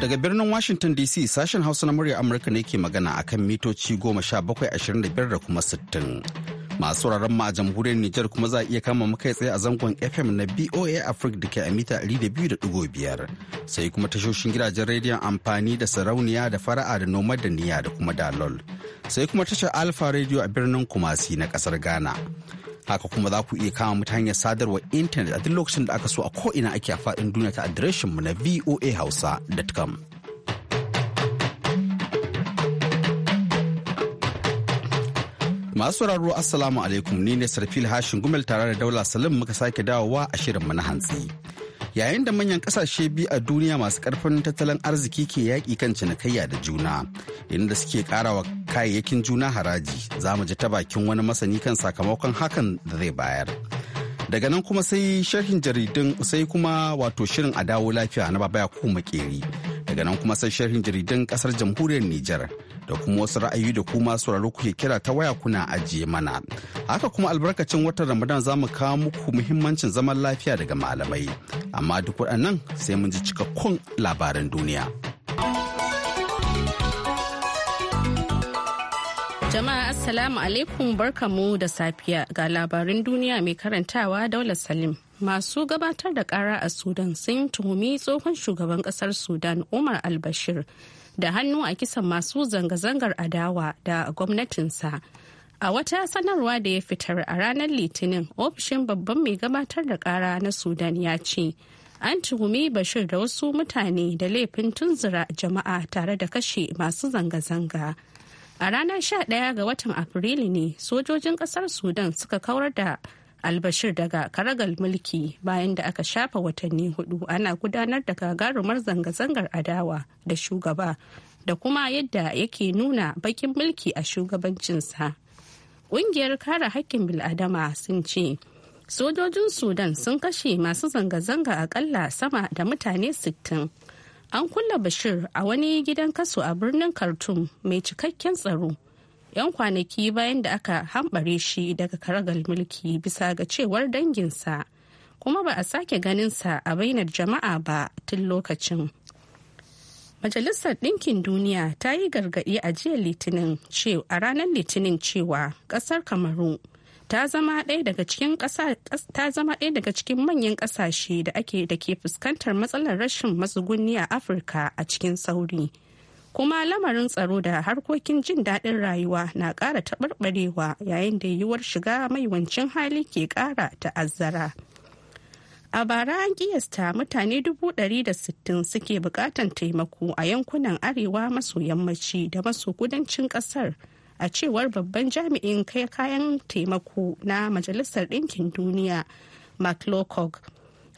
Daga birnin Washington DC sashen Hausa na murya Amurka ne ke magana a kan mitoci goma sha bakwai ashirin da da kuma sittin. Masu wuraren ma a jamhuriyar Nijar kuma za a iya kama muka tsaye a zangon FM na BOA Africa da ke a mita biyar sai kuma tashoshin gidajen rediyon amfani da sarauniya da fara'a da noma da niya da kuma dalol. Sai kuma tashar alpha Radio a birnin Kumasi na kasar Ghana. haka kuma za ku iya kama mu ta hanyar sadarwar intanet a duk lokacin da aka so a ko'ina ake a faɗin duniya ta adireshin mu na voahausa.com. Masu sauraro Assalamu alaikum ni ne Sarfil Hashin Gumel tare da Daula Salim muka sake dawowa a shirin mu na hantsi. yayin da manyan kasashe biyu a duniya masu karfin tattalin arziki ke yaƙi kan cinikayya da juna inda suke karawa kayayyakin juna haraji za mu ji ta bakin wani masani kan sakamakon hakan da zai bayar daga nan kuma sai sharhin jaridun sai kuma wato shirin a dawo lafiya na babaya ko makeri daga nan kuma sai sharhin jaridun kasar jamhuriyar nijar da kuma wasu ra'ayi da kuma sauraro kuke kira ta waya kuna ajiye mana haka kuma albarkacin watan ramadan za mu kawo muku muhimmancin zaman lafiya daga malamai amma duk waɗannan sai mun ji cikakkun labaran duniya jama'a assalamu alaikum barkamu da safiya ga labarin duniya mai karantawa daular salim masu gabatar da kara a sudan sun tuhumi tsohon shugaban kasar sudan umar al da hannu a kisan masu zanga-zangar adawa da gwamnatinsa. A wata sanarwa da ya fitar a ranar Litinin, ofishin babban mai gabatar da ƙara na Sudan ya ce, an tuhumi Bashir da wasu mutane da laifin tunzura jama'a tare da kashe masu zanga-zanga. A ranar 11 ga watan Afrilu ne sojojin ƙasar Sudan suka kawar da albashir daga karagal mulki bayan da aka shafa watanni hudu ana gudanar da gagarumar zanga-zangar adawa da shugaba da kuma yadda yake nuna bakin mulki a shugabancinsa ƙungiyar kare haƙƙin bil'adama sun ce sojojin sudan sun kashe masu zanga-zanga akalla sama da mutane 60 an kulla bashir a wani gidan kaso a birnin khartoum mai cikakken tsaro 'yan kwanaki bayan da aka hambare shi daga karagal mulki bisa ga cewar danginsa kuma ba a sake ganinsa a bainar jama'a ba tun lokacin majalisar ɗinkin duniya ta yi gargaɗi a jiya litinin a ranar litinin cewa ƙasar kamaru ta zama ɗaya daga cikin manyan ƙasashe da ake da ke fuskantar matsalar rashin matsugunni a afirka a cikin sauri kuma lamarin tsaro da harkokin jin daɗin rayuwa na ƙara taɓarɓarewa yayin da yiwuwar shiga mai wancin hali ke ƙara ta'azzara. A bara an kiyasta mutane 160 suke bukatan taimako a yankunan arewa maso yammaci da maso kudancin ƙasar a cewar babban jami'in kai kayan taimako na Majalisar Ɗinkin Duniya, Mark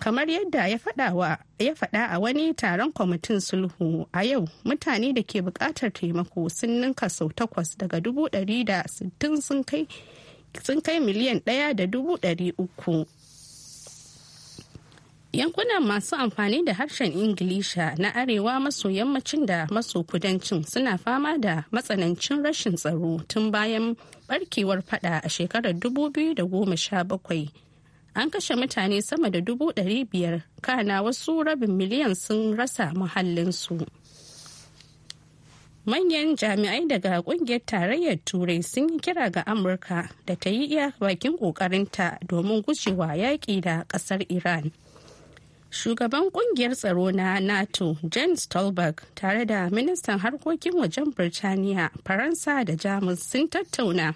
kamar yadda ya faɗa a wani taron kwamitin sulhu a yau mutane da ke buƙatar taimako sun ninka sau takwas daga dubu ɗari da sittin sun kai miliyan ɗaya da dubu ɗari uku yankunan masu amfani da harshen ingilisha na arewa maso yammacin da maso kudancin suna fama da matsanancin rashin tsaro tun bayan barkewar fada a shekarar 2017 an kashe mutane sama da dubu ɗari biyar kana wasu rabin miliyan sun rasa muhallinsu. manyan jami'ai daga kungiyar tarayyar turai sun yi kira ga amurka da ta yi iya bakin kokarinta domin gujewa yaƙi da ƙasar iran shugaban kungiyar tsaro na nato jen stolberg tare da ministan harkokin wajen birtaniya faransa da jamus sun tattauna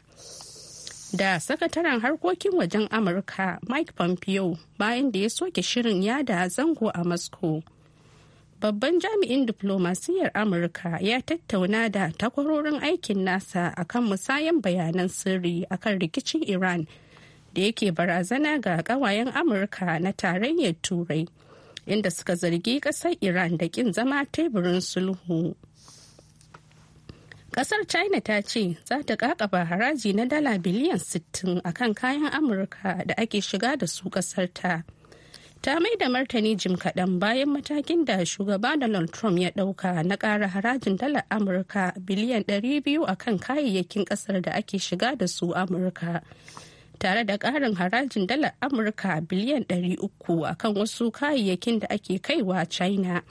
da sakataren harkokin wajen amurka mike pompeo bayan da ya soke shirin yada zango a moscow babban jami'in diplomasiyyar amurka ya tattauna da takwarorin aikin nasa akan musayan bayanan sirri akan rikicin iran da yake barazana ga kawayen amurka na tarayyar turai inda suka zargi kasar iran da kin zama teburin sulhu Kasar China ta ce za ta kakaba haraji na dala biliyan 60 akan kayan Amurka da ake shiga da su kasar ta. Ta mai da martani jim kaɗan bayan matakin da shugaba Donald Trump ya ɗauka na ƙara harajin dalar Amurka biliyan 200 akan kayayyakin ƙasar da ake shiga da su Amurka. tare da ƙarin harajin dalar amurka biliyan 300 akan wasu kayayyakin da ake kaiwa china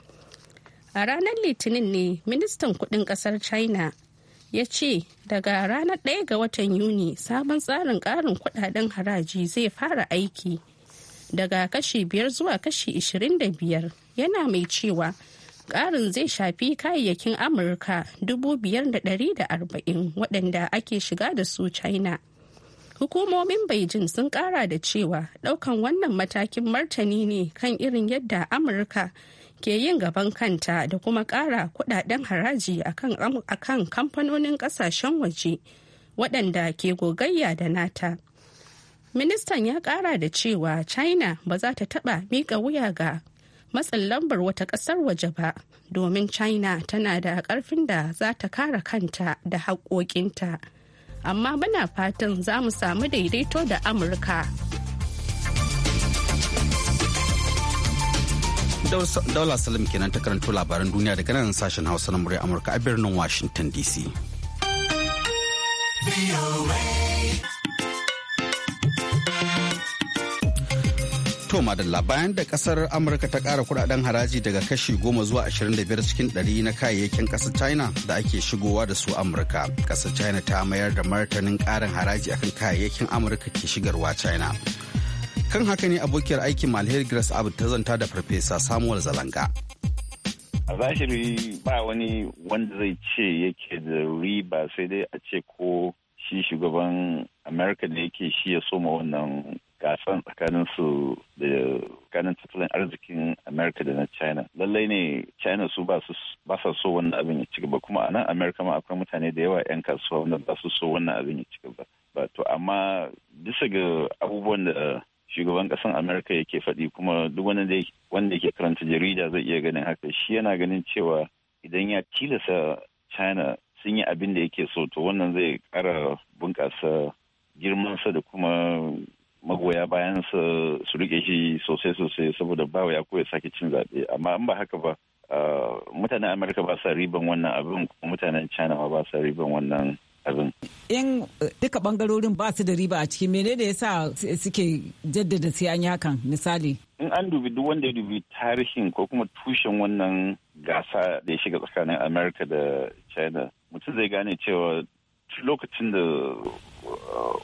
a ranar litinin ne ministan Kuɗin Ƙasar china ya ce daga ranar 1 ga watan yuni sabon tsarin ƙarin kuɗaɗen haraji zai fara aiki daga kashi 5 zuwa kashi 25 yana mai cewa ƙarin zai shafi kayayyakin amurka 5,140 waɗanda ake shiga da su china hukumomin beijing sun ƙara da cewa ɗaukan wannan matakin martani ne kan irin yadda amurka ke yin gaban kanta da kuma ƙara kudaden haraji akan kamfanonin ƙasashen waje waɗanda ke gogayya da nata. Ministan ya ƙara da cewa China ba za ta taɓa miƙa wuya ga matsin lambar wata ƙasar waje ba domin China tana da ƙarfin da za ta kare kanta da haƙoƙinta. Amma muna fatan za mu samu daidaito da Amurka. Daula Salim kenan ta karanto labaran duniya daga nan sashen Hausa na murya Amurka a birnin Washington DC. Toma da bayan da kasar Amurka ta kara kudaden haraji daga kashi goma zuwa 25 cikin 100 na kayayyakin kasar China da ake shigowa da su Amurka. Kasar China ta mayar da martanin karin haraji akan kayayyakin Amurka ke shigarwa China. kan haka ne abokiyar aikin malheri grace abu ta zanta da farfesa samuel zalanga a zahiri ba wani wanda zai ce yake da riba sai dai a ce ko shi shugaban america da yake shi ya soma wannan gasan tsakanin su da tsakanin tattalin arzikin america da na china lallai ne china su ba su so wannan abin ya cigaba kuma a nan america ma akwai mutane da yawa 'yan kasuwa wanda ba su so wannan abin ya cigaba ba to amma bisa ga abubuwan da shugaban ƙasan Amerika yake faɗi kuma duk wanda yake karanta jarida zai iya ganin haka shi yana ganin cewa idan ya tilasa China sun yi abin da yake so to wannan zai kara bunƙasa girmansa da kuma magoya bayansa su rike shi sosai sosai saboda ba ya koya sake cin zaɓe amma an ba haka ba ah, mutanen amurka ba sa riban wannan abin kuma mutanen china ba sa riban wannan abin. In eh, duka bangarorin ba su da riba a ciki menene yasa suke jaddada sai an yi hakan misali? In an dubi duk wanda ya dubi tarihin ko kuma tushen wannan gasa da ya shiga tsakanin Amerika da China mutum zai gane cewa lokacin da eh,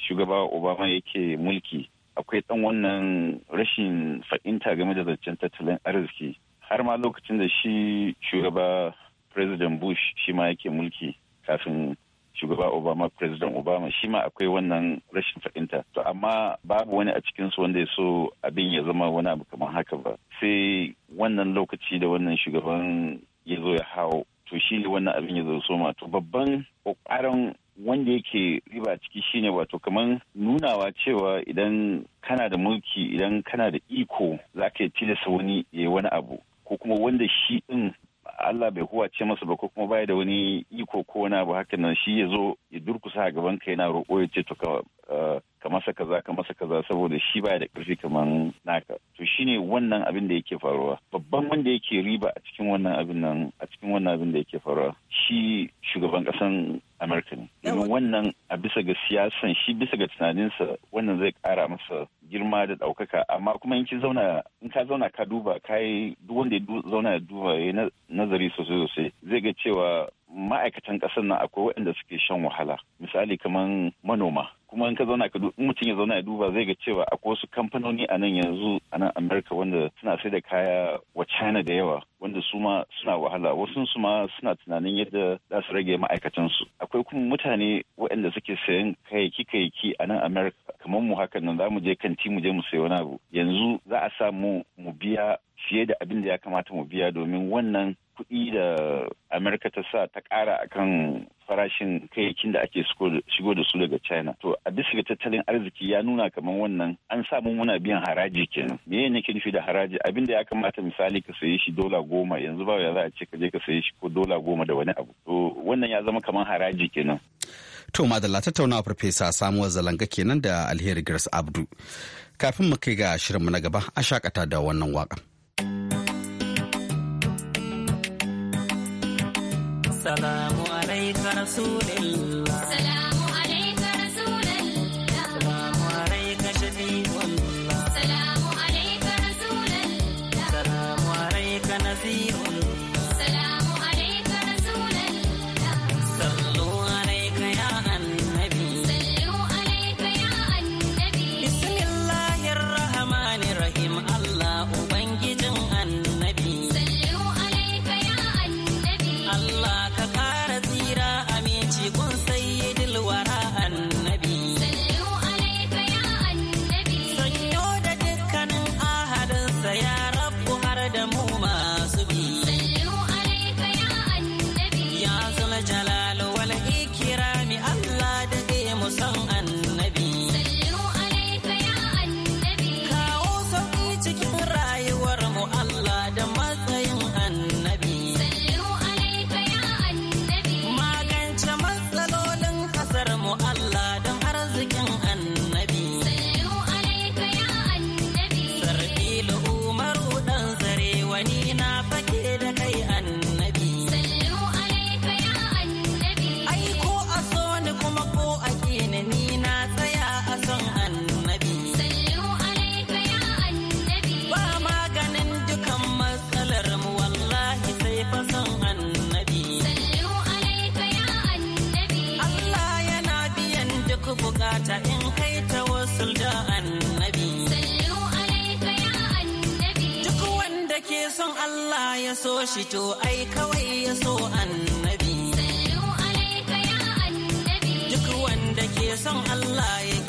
shugaba Obama yake mulki akwai dan wannan rashin fahimta game da zancen tattalin arziki har ma lokacin da shi shugaba president bush shi ma yake mulki kafin shugaba obama president obama shi ma akwai wannan rashin fahimta to amma babu wani a cikin su wanda ya so abin ya zama wani abu kamar haka ba sai wannan lokaci da wannan shugaban ya zo ya hau to shi ne wannan abin ya zo soma to babban kokarin wanda yake riba ciki shine wato kamar nunawa cewa idan kana da mulki idan kana da iko za ka yi tilasta wani ya yi wani abu ko kuma wanda shi din Allah bai huwace masa ba ko kuma baya da wani iko ko wani abu hakan nan shi ya zo ya durkusa a gaban ka yana roƙo ya ce to ka eh, ka masa kaza ka masa kaza saboda shi baya da ƙarfi kaman naka to shine wannan abin da yake faruwa babban wanda yake riba a cikin wannan abin nan a cikin wannan abin da yake faruwa shi shugaban ƙasan Amerika ne. Domin wannan a bisa ga siyasan shi bisa ga tunaninsa wannan zai kara masa girma da ɗaukaka amma kuma in ki zauna in ka zauna ka duba ka yi duk wanda ya zauna ya duba ya nazari sosai sosai zai ga cewa ma'aikatan ƙasar nan akwai waɗanda suke shan wahala misali kamar manoma kuma in ka zauna ka mutum ya zauna ya duba zai ga cewa akwai wasu kamfanoni a nan yanzu a nan amerika wanda suna sai da kaya wa china da yawa wanda su ma suna wahala wasu su ma suna tunanin yadda za su rage ma'aikatansu akwai kuma mutane waɗanda suke sayan kayayyaki kayayyaki a nan amerika kamar mu hakan nan za mu je kanti mu je mu sayi wani abu yanzu za a sa mu mu biya fiye da abin da ya kamata mu biya domin wannan kuɗi da Amerika ta sa ta ƙara akan farashin kayayyakin da ake shigo da su daga China. To a bisa ga tattalin arziki ya nuna kamar wannan an samu muna biyan haraji kenan. Me ne ke nufi da haraji? Abin da ya kamata misali ka saye shi dola goma yanzu ba ya za a ce ka je ka saye shi ko dola goma da wani abu. To wannan ya zama kamar haraji kenan. To madalla tattaunawa farfesa samuwar zalanga kenan da alheri Grace Abdu. Kafin mu kai ga shirinmu na gaba a shakata da wannan waƙa. salamu alaika rasulillah so shi to ai kawai ya so annabi. annabi Duk wanda ke son Allah ya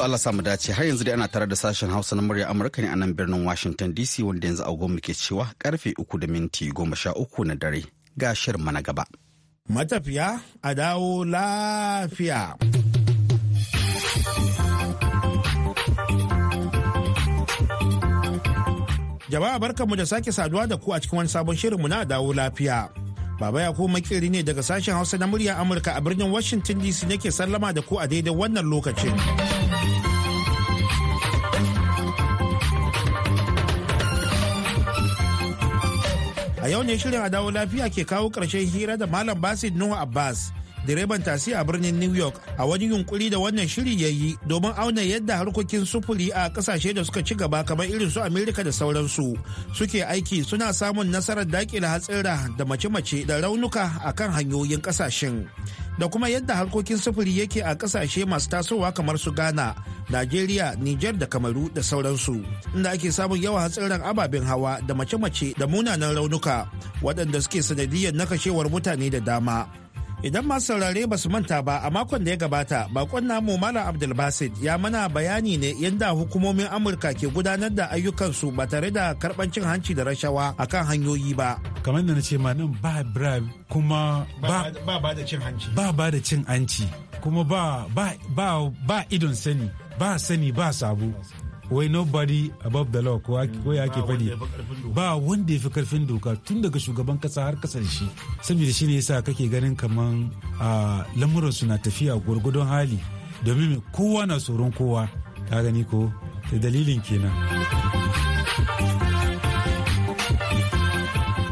To Allah samu dace har yanzu dai ana tare da sashen Hausa na murya Amurka ne a nan birnin Washington DC wanda yanzu agogo ke cewa karfe uku da minti goma sha uku na dare ga shirin mana gaba. Matafiya a dawo lafiya. Jama'a mu da sake saduwa da ku a cikin wani sabon shirinmu na dawo lafiya. Baba Yakubu makeri ne daga sashen Hausa na murya Amurka a birnin Washington DC nake sallama da ku a daidai wannan lokacin. yau ne shirin adawo lafiya ke kawo ƙarshen hira da Malam Basit Nuhu Abbas. direban tasi a birnin new york a wani yunkuri da wannan shiri ya yi domin auna yadda harkokin sufuri a kasashe da suka ci gaba kamar irin su amerika da sauransu suke aiki suna samun nasarar dakile hatsira da mace-mace da raunuka a kan hanyoyin kasashen da kuma yadda harkokin sufuri yake a kasashe masu tasowa kamar su ghana najeriya niger da kamaru da sauransu inda ake samun yawan hatsarin ababen hawa da mace-mace da munanan raunuka waɗanda suke sanadiyar nakashewar mutane da dama Idan masu saurare ba su manta ba a makon da ya gabata bakon namu Malam Abdulbasid ya mana bayani ne yadda hukumomin Amurka ke gudanar da ayyukansu ba tare da karɓar hanci da rashawa akan hanyoyi ba. Kamar da na ce ma nan ba bribe kuma ba ba da cin hanci. Ba ba da cin hanci kuma ba ba ba idon sani ba sani ba sabu wai nobody above the law ko ke fadi ba wanda ya fi karfin doka tun daga shugaban kasa har kasar shi saboda shi ne yasa kake ganin kaman lamuran suna tafiya gwargwadon hali domin kowa na tsoron kowa ka gani ko da dalilin kenan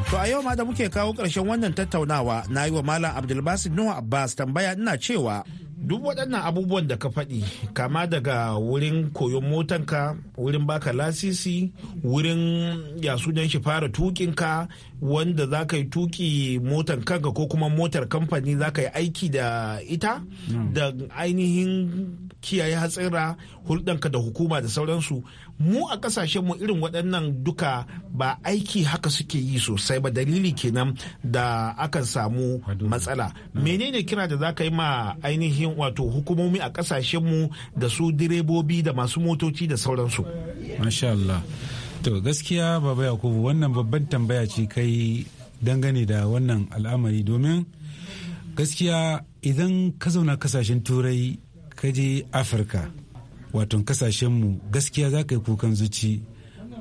To a yau ma da muke kawo ƙarshen wannan tattaunawa na yi wa Malam Abdulbasid Nuhu Abbas tambaya ina cewa duk waɗannan abubuwan da ka faɗi kama daga wurin koyon motanka wurin baka lasisi wurin ya sunan shi fara tukinka wanda za ka yi tuki motan kanka ko kuma motar kamfani za ka yi aiki da ita hmm. da ainihin kiyaye hatsira hulɗanka da hukuma da sauransu mu a ƙasashen mu irin waɗannan duka ba aiki haka suke yi sosai ba dalili kenan da akan samu matsala mm. menene kira da za ka yi ma ainihin wato hukumomi a ƙasashen mu da su direbobi da masu motoci da sauransu masha to gaskiya baba yakubu wannan babban tambaya ce kai dangane da wannan al'amari domin gaskiya idan ka zauna kasashen turai ka je afirka wato kasashenmu gaskiya za ka yi kukan zuci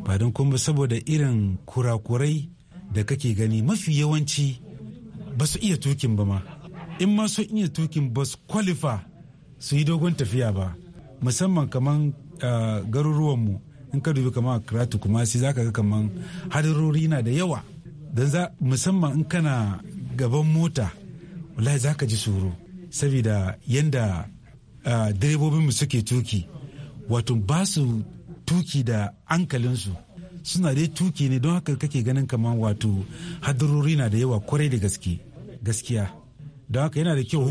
ba don kuma saboda irin kurakurai da kake gani mafi yawanci ba su iya tukin ba ma in ma su iya tukin ba su kwalifa su yi dogon tafiya ba musamman kaman ah, garuruwanmu in ka dubi kamar karatu kuma sai za ka ga kaman hadarori na da yawa don za musamman in kana gaban mota wallahi za ka ji tsoro saboda yadda. direbobin mu suke tuki wato ba su tuki da ankalinsu suna dai tuki ne don haka kake ganin kamar wato hadarori na da yawa kwarai da gaske gaskiya don haka yana da kyau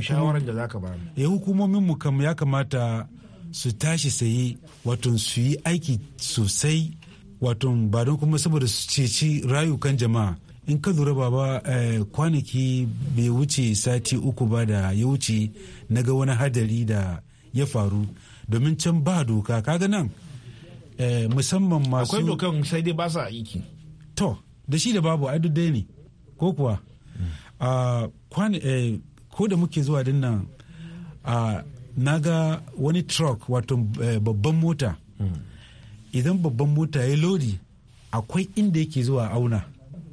eh, hukumominmu kam ya kamata su tashi saye wato su yi aiki sosai wato ba don kuma saboda su ceci rayukan jama'a in ka lura baba eh, kwanaki bai wuce sati uku ba da ya wuce na ga wani hadari da ya faru domin can ba doka kaga nan eh, musamman masu akwai dokan sai dai ba sa aiki to da shi da babu a dai ne ko kuwa ah, eh, ko da muke zuwa din nan ah, na ga wani truck wato babban mota hmm. idan babban mota ya lodi akwai inda yake zuwa auna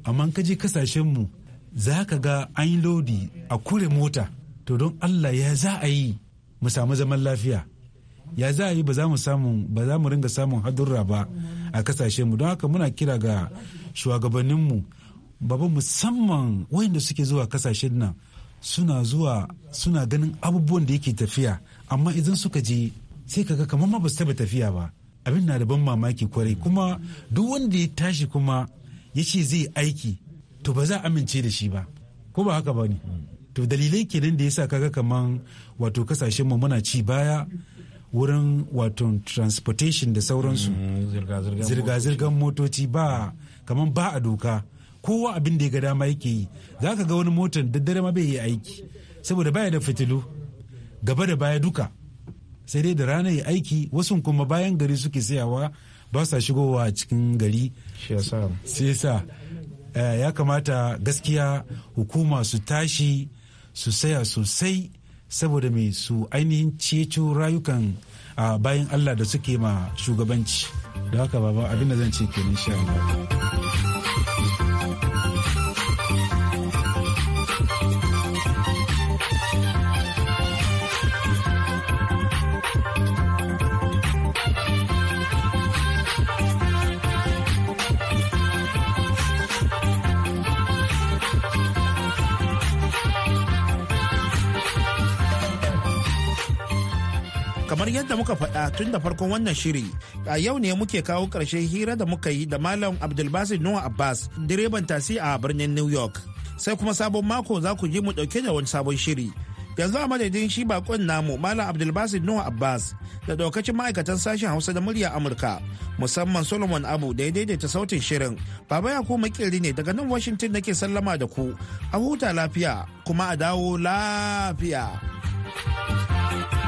amma ka je kasashenmu za ka ga an yi lodi a kure mota to don allah ya za a yi mu samu zaman lafiya ya za a yi ba za mu samu ba za mu ringa samun hadurra ba a mu don haka muna kira ga mu baba musamman wayanda suke zuwa kasashen nan suna zuwa suna ganin abubuwan da yake tafiya amma idan suka je sai kaga kamar ma ba su taba tafiya ba abin na da ban mamaki kwarai kuma duk wanda ya tashi kuma ya ce zai aiki to ba za a amince da shi ba ko ba haka ba ne to dalilai kenan da ya sa kaga kaman wato kasashen mu muna ci baya wurin wato transportation da sauransu mm, zirga-zirgar motoci ba kaman ba a doka kowa abin da ya ga dama yake yi za ka ga wani motar daddare ma bai yi aiki saboda baya da fitilu gaba da baya duka sai dai da rana ya aiki wasu kuma bayan gari suke sayawa ba sa shigowa a cikin gari sai sa eh, ya kamata gaskiya hukuma su tashi su saya sosai saboda mai su ainihin ceto rayukan a ah, bayan allah da suke ma shugabanci da haka baba abin da zan ce kenan sha kamar yadda muka faɗa tun da farkon wannan shiri a yau ne muke kawo ƙarshen hira da muka yi da malam abdulbasir nuwa abbas direban tasi a birnin new york sai kuma sabon mako za ku ji mu ɗauke da wani sabon shiri yanzu a madadin shi bakon namu malam abdulbasir nuwa abbas da ɗaukacin ma'aikatan sashen hausa da murya amurka musamman solomon abu da ya daidaita sautin shirin baba ya kuma ne daga nan washington nake sallama da ku a huta lafiya kuma a dawo lafiya thank you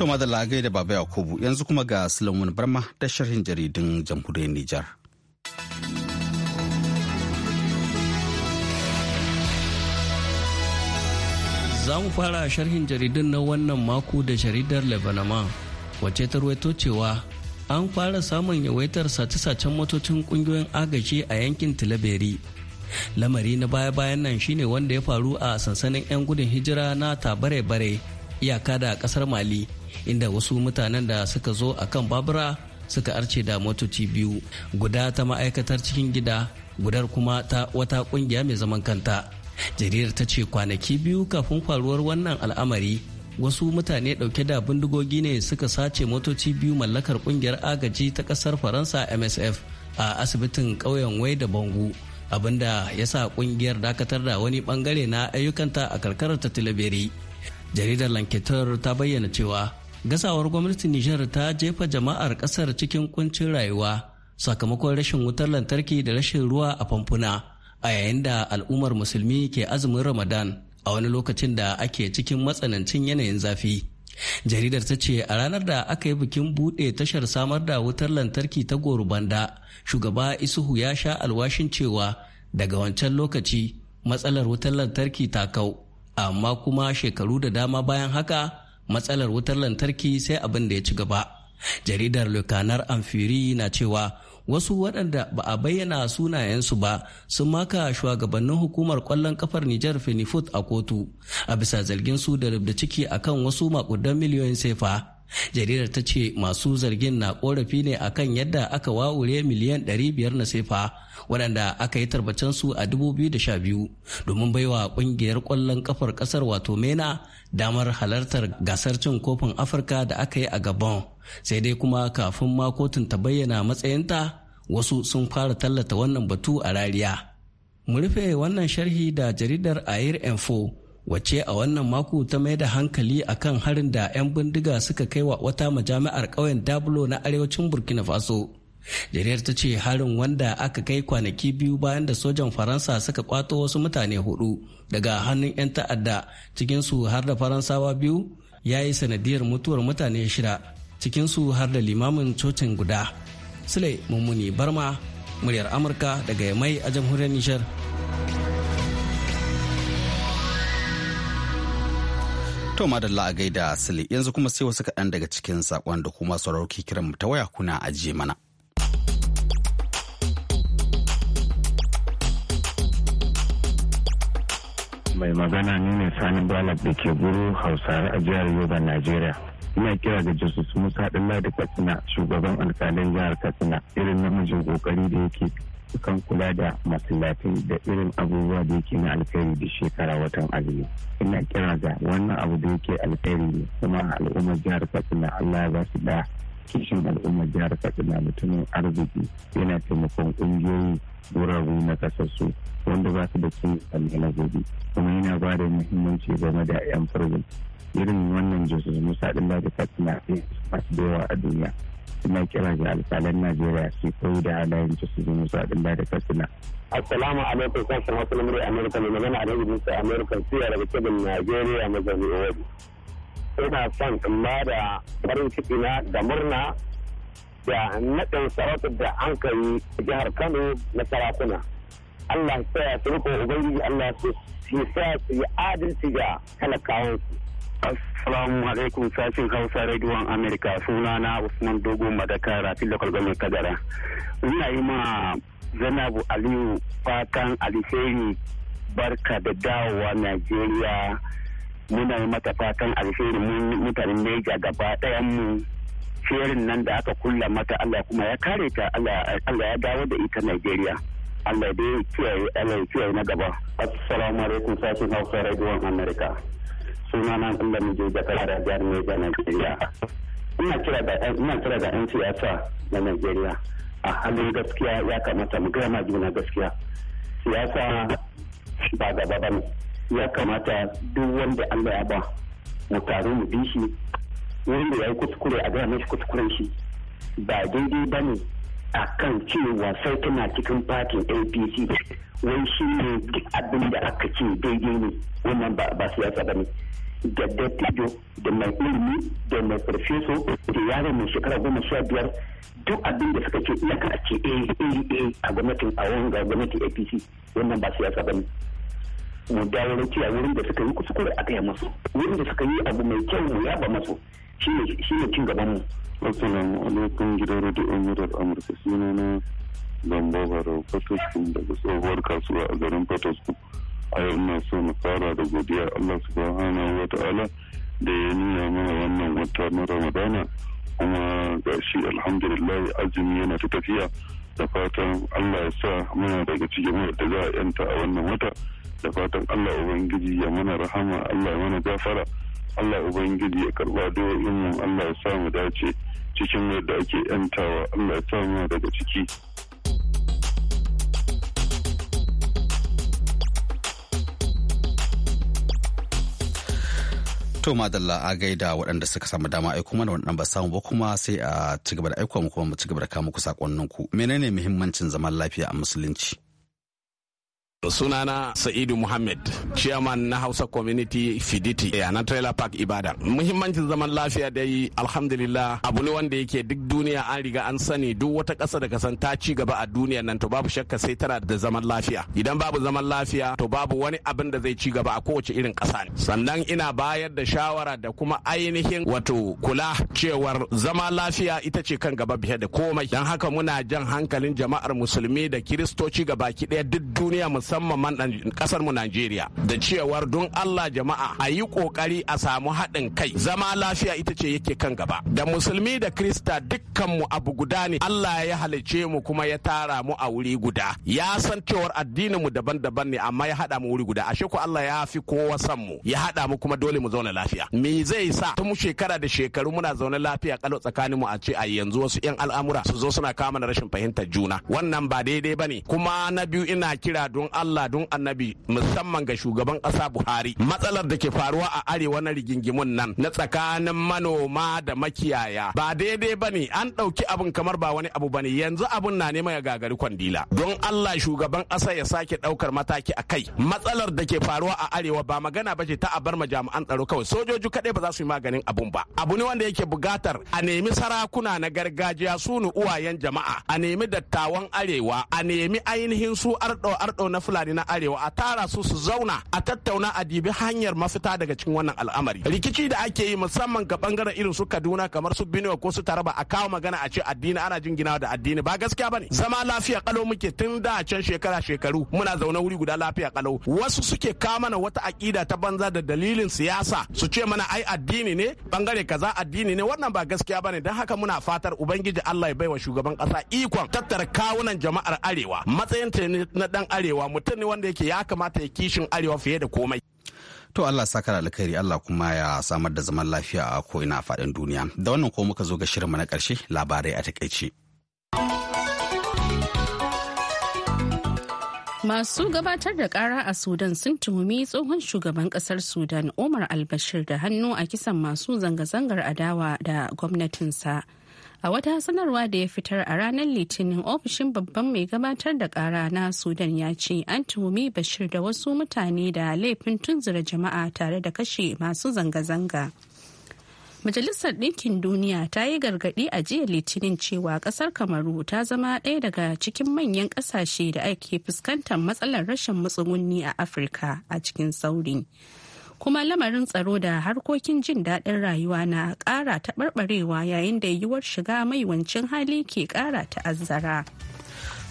To madalla gai da Baba Yakubu yanzu kuma ga Sulaiman Barma da sharhin jaridun jamhuriyar Nijar. Za mu fara sharhin jaridun na wannan mako da jaridar Lebanama wacce ta ruwaito cewa an fara samun yawaitar sace-sacen motocin kungiyoyin agaji a yankin Tilaberi. Lamari na baya-bayan nan shine wanda ya faru a sansanin 'yan gudun hijira na tabare-bare iyaka da kasar Mali. inda wasu mutanen da suka zo a kan babura suka arce da motoci biyu guda ta ma'aikatar cikin gida gudar kuma ta wata kungiya mai zaman kanta jaridar ta ce kwanaki biyu kafin faruwar wannan al'amari wasu mutane dauke da bindigogi ne suka sace motoci biyu mallakar kungiyar agaji ta kasar faransa msf a asibitin ƙauyen wai da bangu abinda ya sa kungiyar dakatar da wani bangare na ayyukanta a karkarar ta tilabiri jaridar lanketar ta bayyana cewa gasawar gwamnatin nijar ta jefa jama'ar kasar cikin kuncin rayuwa sakamakon rashin wutar lantarki da rashin ruwa a famfuna a yayin da al'ummar musulmi ke azumin ramadan a wani lokacin da ake cikin matsanancin yanayin zafi jaridar ta ce a ranar da aka yi bikin buɗe tashar samar da wutar lantarki ta gorubanda shugaba isuhu ya sha alwashin cewa daga wancan lokaci matsalar wutar lantarki ta kau amma kuma shekaru da dama bayan haka matsalar wutar lantarki sai abin da ya ci gaba jaridar lukanar amfiri na cewa wasu waɗanda ba a bayyana sunayensu ba sun maka shugabannin hukumar ƙwallon kafar Nijar Fenifut a kotu a bisa zargin su da rubda ciki akan wasu maƙudan miliyoyin sefa. jaridar ta ce masu zargin na korafi ne akan yadda aka wawure miliyan 500 na sefa waɗanda aka yi tarbacen su a 2012 domin baiwa ƙungiyar ƙwallon ƙafar ƙasar wato mena damar halartar gasar cin kofin afirka da aka yi a gabon sai dai kuma kafin ma kotun ta bayyana matsayinta wasu sun fara tallata wannan batu a rariya mu rufe wannan sharhi da jaridar air info wace a wannan mako ta mai da hankali akan harin da 'yan bindiga suka kai wa wata majami'ar ƙauyen dabulo na arewacin burkina faso jaridar ta ce harin wanda aka kai kwanaki biyu bayan da sojan faransa suka kwato wasu mutane hudu daga hannun 'yan ta'adda cikinsu har da faransawa biyu ya yi sanadiyar mutuwar mutane shida cikinsu har da limamin cocin guda sule mummuni barma muryar amurka daga mai a jamhuriyar nishar To madalla a gaida asali yanzu kuma sai wasu kaɗan daga cikin saƙon da kuma saurauki kiran mu ta waya kuna ajiye mana. Mai magana ni ne Sani Balab da ke guru Hausare a jihar Yoruba, Najeriya. Ina kira ga Jesus Musa Dalla da Katsina, shugaban alkalin jihar Katsina, irin namijin kokari da yake kan kula da masallatai da irin abubuwa da yake na alkhairi da shekara watan azumi ina kira ga wannan abu da yake alkhairi ne kuma al'ummar jihar katsina allah za su da kishin al'ummar jihar katsina mutumin arziki yana taimakon ƙungiyoyi wurare na kasassu wanda ba su da kin tsalle na gobe kuma yana ba da muhimmanci game da yan farko irin wannan jesus musa ɗin da katsina eh, masu da yawa a duniya ina kira ga alƙalan najeriya su koyi da halayen su su musu haɗin da katsina. assalamu alaikum sassan wasu lamuri amurka mai magana a daga musa amurka siya daga kebin najeriya mazauni wadi. ina son in ba da farin ciki na da murna da naɗin sarautar da an kai jihar kano na sarakuna. Allah ya tsaya su riko Ubangiji Allah su sa su yi adalci ga talakawansu. Assalamu alaikum sashen Hausa rediyon Amerika sunana Usman Dogo Madaka Rafi da Kwalgwamar Kadara. Ina yi ma Zainabu Aliyu fatan alheri barka da dawowa Najeriya muna yi mata fatan alheri mutanen Neja gaba ɗayan mu ferin nan da aka kulla mata Allah kuma ya kare ta Allah ya dawo da ita Najeriya. Allah dai kiyaye Allah na gaba. Assalamu alaikum sashen Hausa rediyon Amerika. suna na kulla mije jakara da jihar Neja Najeriya. Ina kira da ina kira da yan siyasa na Najeriya a halin gaskiya ya kamata mu gama juna gaskiya. Siyasa ba gaba ba ne. Ya kamata duk wanda Allah ya ba mu taru mu bi shi wurin da ya yi kuskure a gaya mashi kuskuren shi ba daidai ba ne a kan cewa sai tana cikin fatin apc wai shi ne duk abin da aka ce daidai ne wannan ba siyasa ba ne da dattijo da mai ilimi da mai farfeso da yaro mai shekara goma sha biyar duk abin da suka ce iyaka a ce a eh, eh, eh, a gwamnatin a wani gwamnati apc wannan ba siyasa ba ne mu dawo rakiya wurin da suka yi kuskure a gaya masu wurin da suka yi abu mai kyau mu yaba masu shi ne cin gaban mu assalamu alaikum gidan radio murar amurka sunana bamba fatoskun daga tsohuwar kasuwa a garin fatoskun a yau so mu fara da godiya Allah subhanahu wa ta'ala da ya nuna mana wannan wata na Ramadana kuma ga shi alhamdulillah azumi yana ta tafiya da fatan Allah ya sa muna daga cikin da za a yanta a wannan wata da fatan Allah ubangiji ya mana rahama Allah ya mana gafara Allah ubangiji ya karba doyin mu Allah ya sa mu dace cikin wadda ake yantawa Allah ya sa muna daga ciki To madalla a gaida waɗanda suka samu dama aiko mana waɗanda ba samu ba kuma sai a ci gaba da aiko mu kuma mu ci gaba da kawo muku sakonninku. Menene muhimmancin zaman lafiya a musulunci? sunana sa'idu muhammad chairman na hausa community fiditi a eh, na trailer park ibada muhimmancin zaman lafiya dai alhamdulillah abu ne wanda yake duk duniya an riga an sani duk wata kasa da kasan ta ci gaba a duniya nan to babu shakka sai tana da zaman lafiya idan babu zaman lafiya to babu wani abin da zai ci gaba a kowace irin kasa ne sannan ina bayar da shawara da kuma ainihin wato kula cewar zama lafiya ita ce kan gaba biye da komai don haka muna jan hankalin jama'ar musulmi da kiristoci gaba ki ɗaya duk duniya mus. musamman kasar mu Najeriya da cewar don Allah jama'a a yi kokari a samu haɗin kai zama lafiya ita ce yake kan gaba da musulmi da krista dukkan mu abu guda ne Allah ya halice mu kuma ya tara mu a wuri guda ya san cewar addinin mu daban-daban ne amma ya haɗa mu wuri guda ashe ko Allah ya fi kowa san mu ya haɗa mu kuma dole mu zauna lafiya me zai sa ta mu shekara da shekaru muna zaune lafiya kalo tsakanin mu a ce a yanzu wasu yan al'amura su zo suna kama na rashin fahimtar juna wannan ba daidai bane kuma na biyu ina kira don Allah don annabi musamman ga shugaban ƙasa Buhari matsalar da ke faruwa a arewa na rigingimun nan na tsakanin manoma da makiyaya ba daidai ba ne an ɗauki abin kamar ba wani abu bane yanzu abin na nema ya gagari kwandila don Allah shugaban ƙasa ya sake ɗaukar mataki a kai matsalar da ke faruwa a arewa ba magana ba ce ta a bar ma jami'an tsaro kawai sojoji kaɗai ba za su yi maganin abun ba abu ne wanda yake buƙatar a nemi sarakuna na gargajiya su uwayen jama'a a nemi dattawan arewa a nemi ainihin su arɗo arɗo na fulani na arewa a tara su su zauna a tattauna a dibi hanyar mafita daga cikin wannan al'amari rikici da ake yi musamman ga bangaren irin su kaduna kamar su binewa ko su taraba a kawo magana a ce addini ana jin ginawa da addini ba gaskiya bane zama lafiya kalau muke tun da can shekara shekaru muna zaune wuri guda lafiya kalau wasu suke kawo mana wata aƙida ta banza da dalilin siyasa su ce mana ai addini ne bangare kaza addini ne wannan ba gaskiya bane don haka muna fatar ubangiji Allah ya baiwa shugaban kasa ikon tattara kawunan jama'ar arewa matsayin ta na dan arewa mu mutum ne wanda yake ya kamata ya kishin arewa fiye da komai To Allah saka da alkhairi Allah kuma ya samar da zaman lafiya a ko'ina a faɗin duniya. Da wannan ko muka zo ga shirinmu na ƙarshe labarai a takaice. Masu gabatar da ƙara a Sudan sun tuhumi tsohon shugaban ƙasar Sudan Omar al-Bashir da hannu a kisan masu zanga-zangar adawa da gwamnatinsa. a wata sanarwa da ya fitar a ranar litinin ofishin babban mai gabatar da kara na sudan ya ce an tuhumi bashir da wasu mutane da laifin tunzura jama'a tare da kashe masu zanga-zanga Majalisar Ɗinkin Duniya ta yi gargaɗi a jiya Litinin cewa ƙasar Kamaru ta zama ɗaya daga cikin manyan ƙasashe da ake fuskantar matsalar rashin matsugunni a Afirka a cikin sauri. kuma lamarin tsaro da harkokin jin daɗin rayuwa na ƙara taɓarɓarewa yayin da yiwuwar shiga maiwancin hali ke ƙara ta'azzara.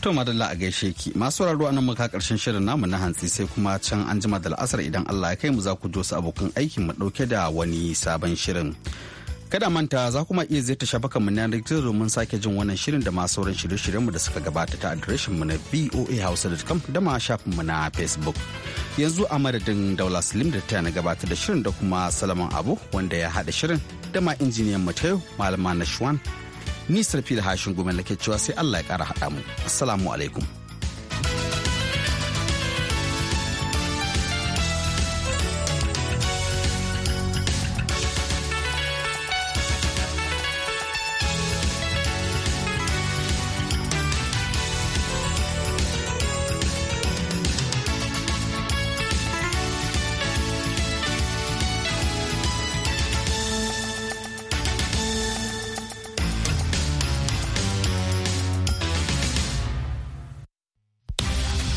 To madalla a gaishe ki masu sauraro anan muka karshen shirin namu na hantsi sai kuma can an jima da la'asar idan Allah ya kai mu za ku jo su abokan aikin mu ɗauke da wani sabon shirin. Kada manta za kuma iya ziyarta shafakan mu na rikicin domin sake jin wannan shirin da masu sauran shirye-shiryen mu da suka gabata ta adireshin mu na boahausa.com da ma shafin mu na Facebook. Yanzu a madadin Daula Salim da ta na gabata da shirin da kuma Salaman Abu wanda ya hada shirin da ma injiniyan mu ta yau Malama Nashwan. Ni da Hashin da nake cewa sai Allah ya kara haɗa mu. Assalamu alaikum.